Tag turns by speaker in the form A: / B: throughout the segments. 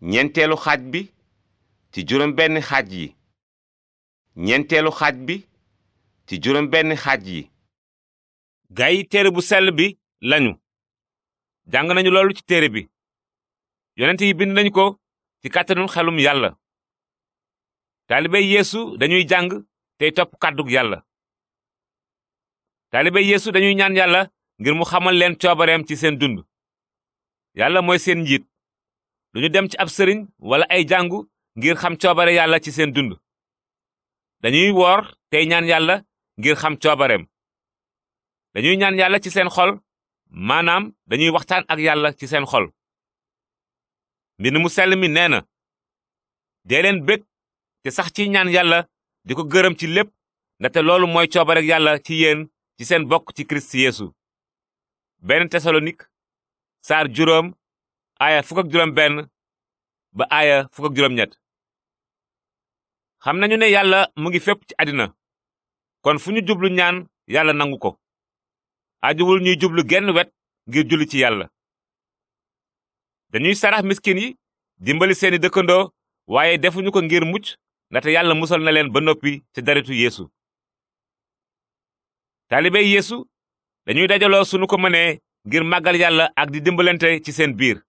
A: ñeenteelu xaaj bi ci juróom benn xaaj yi ñeenteelu xaaj bi ci juróom xaaj yi gayi téere bu sell bi lañu jàng nañu loolu ci téere bi yonent yi bind nañu ko ci kàttanul xelum yàlla taalibe yeesu dañuy jàng tey topp kàddug yàlla taalibe yéesu dañuy ñaan yàlla ngir mu xamal leen coobareem ci seen dund yàlla mooy seen njiit duñu dem ci ab sëriñ wala ay jàngu ngir xam coobare yàlla ci seen dund dañuy woor tey ñaan yàlla ngir xam coobareem dañuy ñaan yàlla ci seen xol maanaam dañuy waxtaan ak yàlla ci seen xol mbind mu sell mi nee na dee leen bég te sax ci ñaan yàlla di ko gërëm ci lépp ndaxte loolu mooy coobarek yàlla ci yéen ci seen bokk ci kirist yeesu aaya fukk ba aaya fukk ak xam nañu ne yàlla mu ngi fépp ci àddina kon fu ñu jublu ñaan yàlla nangu ko ajuwul ñuy jublu genn wet ngir julli ci yàlla dañuy sarax miskin yi dimbali seeni dëkkandoo waaye defuñu ko ngir mucc ndaxte yàlla musal na leen ba noppi ci daritu yeesu taalibe yéesu dañuy dajaloo sunu ko mënee ngir màggal yàlla ak di dimbalante ci seen biir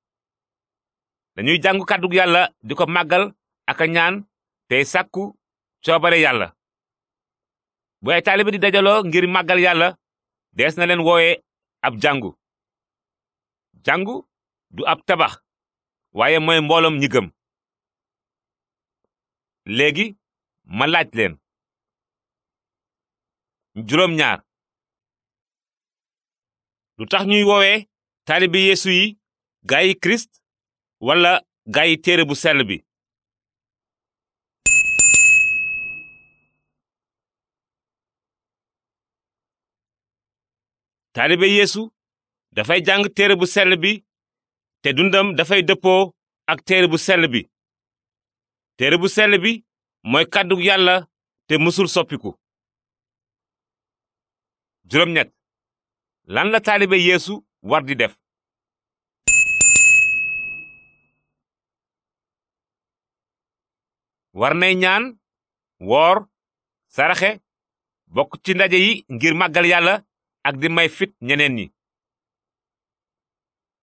A: dañuy jàngu kàddug yàlla di ko màggal ak a ñaan sàkku coobare yàlla bu ay taalibe di dajaloo ngir màggal yàlla dees na leen wooye ab jàngu jàngu du ab tabax waaye mooy mbooloom ñi gëm léegi ma laaj leen juróom lu tax ñuy woowee taalibe yeesu yi wala gaay téere bu sell bi taalibe yeesu dafay jàng téere bu sel bi te dundam dafay dëppoo ak téere bu sel bi téere bu sell bi mooy kàddu yàlla te mësul soppiku juróom ñett lan war di def war nay ñaan woor saraxe bokk ci ndaje yi ngir màggal yàlla ak di may fit ñeneen yi